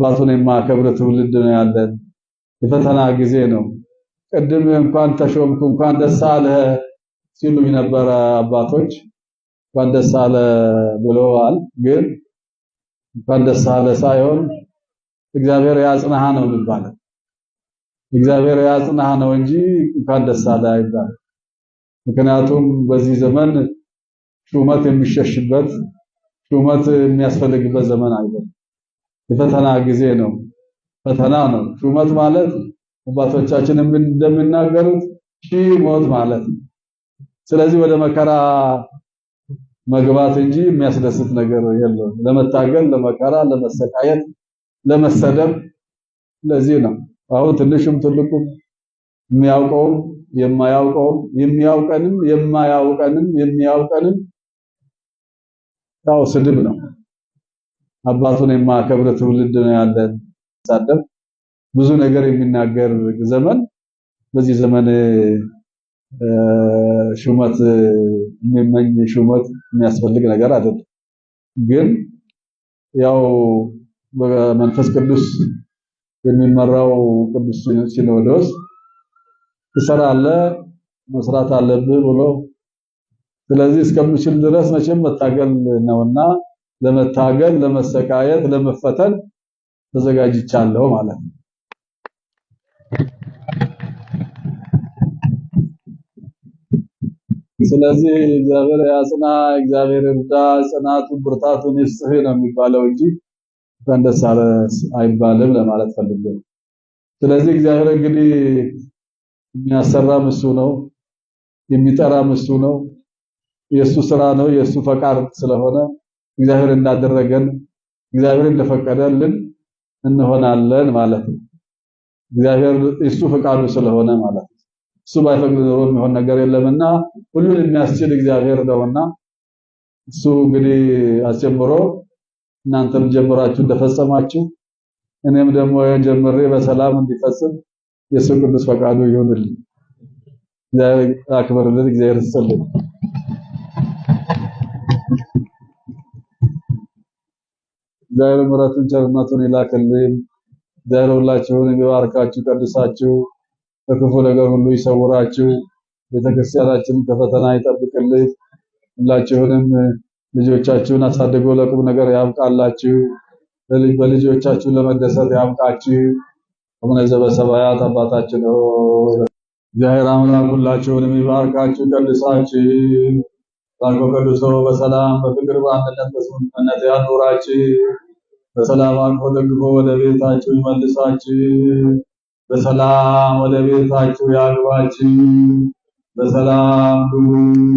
አባቱን የማከብር ትውልድ ነው ያለን። የፈተና ጊዜ ነው። ቅድም እንኳን ተሾምኩ እንኳን ደስ አለ ሲሉ የነበረ አባቶች እንኳን ደስ አለ ብለዋል። ግን እንኳን ደስ አለ ሳይሆን እግዚአብሔር ያጽናሃ ነው የሚባለው። እግዚአብሔር ያጽናሃ ነው እንጂ እንኳን ደስ አለ አይባልም። ምክንያቱም በዚህ ዘመን ሹመት የሚሸሽበት ሹመት የሚያስፈልግበት ዘመን አይደለም። የፈተና ጊዜ ነው። ፈተና ነው። ሹመት ማለት አባቶቻችን እንደሚናገሩት ሺህ ሞት ማለት ነው። ስለዚህ ወደ መከራ መግባት እንጂ የሚያስደስት ነገር የለም። ለመታገል፣ ለመከራ፣ ለመሰቃየት፣ ለመሰደብ ለዚህ ነው አሁን ትንሹም ትልቁም የሚያውቀውም የማያውቀውም የሚያውቀንም የማያውቀንም የሚያውቀንም ያው ስድብ ነው። አባቱን የማከብር ትውልድ ነው ያለን። ሳደብ ብዙ ነገር የሚናገር ዘመን በዚህ ዘመን ሹመት የሚመኝ ሹመት የሚያስፈልግ ነገር አይደለም። ግን ያው በመንፈስ ቅዱስ የሚመራው ቅዱስ ሲኖዶስ ትሰራለህ፣ መስራት አለብህ ብሎ ስለዚህ እስከምችል ድረስ መቼም መታገል ነውና ለመታገል ለመሰቃየት ለመፈተን ተዘጋጅቻለሁ ማለት ነው። ስለዚህ እግዚአብሔር ያጽና፣ እግዚአብሔር እርዳ፣ ጽናቱ ብርታቱን ይስጥህ ነው የሚባለው እንጂ እንኳን ደስ አለ አይባልም ለማለት ፈልጌ ነው። ስለዚህ እግዚአብሔር እንግዲህ የሚያሰራ እሱ ነው፣ የሚጠራ እሱ ነው። የእሱ ስራ ነው፣ የእሱ ፈቃድ ስለሆነ እግዚአብሔር እንዳደረገን እግዚአብሔር እንደፈቀደልን እንሆናለን ማለት ነው። እግዚአብሔር እሱ ፈቃዱ ስለሆነ ማለት ነው። እሱ ባይፈቅድ ኖሮ የሚሆን ነገር የለምና ሁሉን የሚያስችል እግዚአብሔር ነውና እሱ እንግዲህ አስጀምሮ እናንተም ጀምራችሁ እንደፈጸማችሁ እኔም ደግሞ ጀምሬ በሰላም እንዲፈጽም የእሱ ቅዱስ ፈቃዱ ይሁንልን። እግዚአብሔር አክብርልን። እግዚአብሔር ይስጥልን። እግዚአብሔር ምሕረቱን ቸርነቱን ይላክልን። እግዚአብሔር ሁላችሁን ይባርካችሁ፣ ቀድሳችሁ፣ ከክፉ ነገር ሁሉ ይሰውራችሁ፣ ቤተክርስቲያናችንን ከፈተና ይጠብቅልን። ሁላችሁንም ልጆቻችሁን አሳድጎ ለቁም ነገር ያብቃላችሁ። በልጆቻችሁ ለመደሰት ያብቃችሁ። አቡነ ዘበሰማያት አባታችን ሆይ እግዚአብሔር አምላክ ሁላችሁንም ይባርካችሁ፣ ቀድሳችሁ ላሽ በቅዱሶ በሰላም በፍቅር በአንድነት በስምምነት ያኑራችሁ። በሰላም አልፎ ደግፎ ወደ ቤታችሁ ይመልሳችሁ። በሰላም ወደ ቤታችሁ ያግባችሁ። በሰላም ግቡ።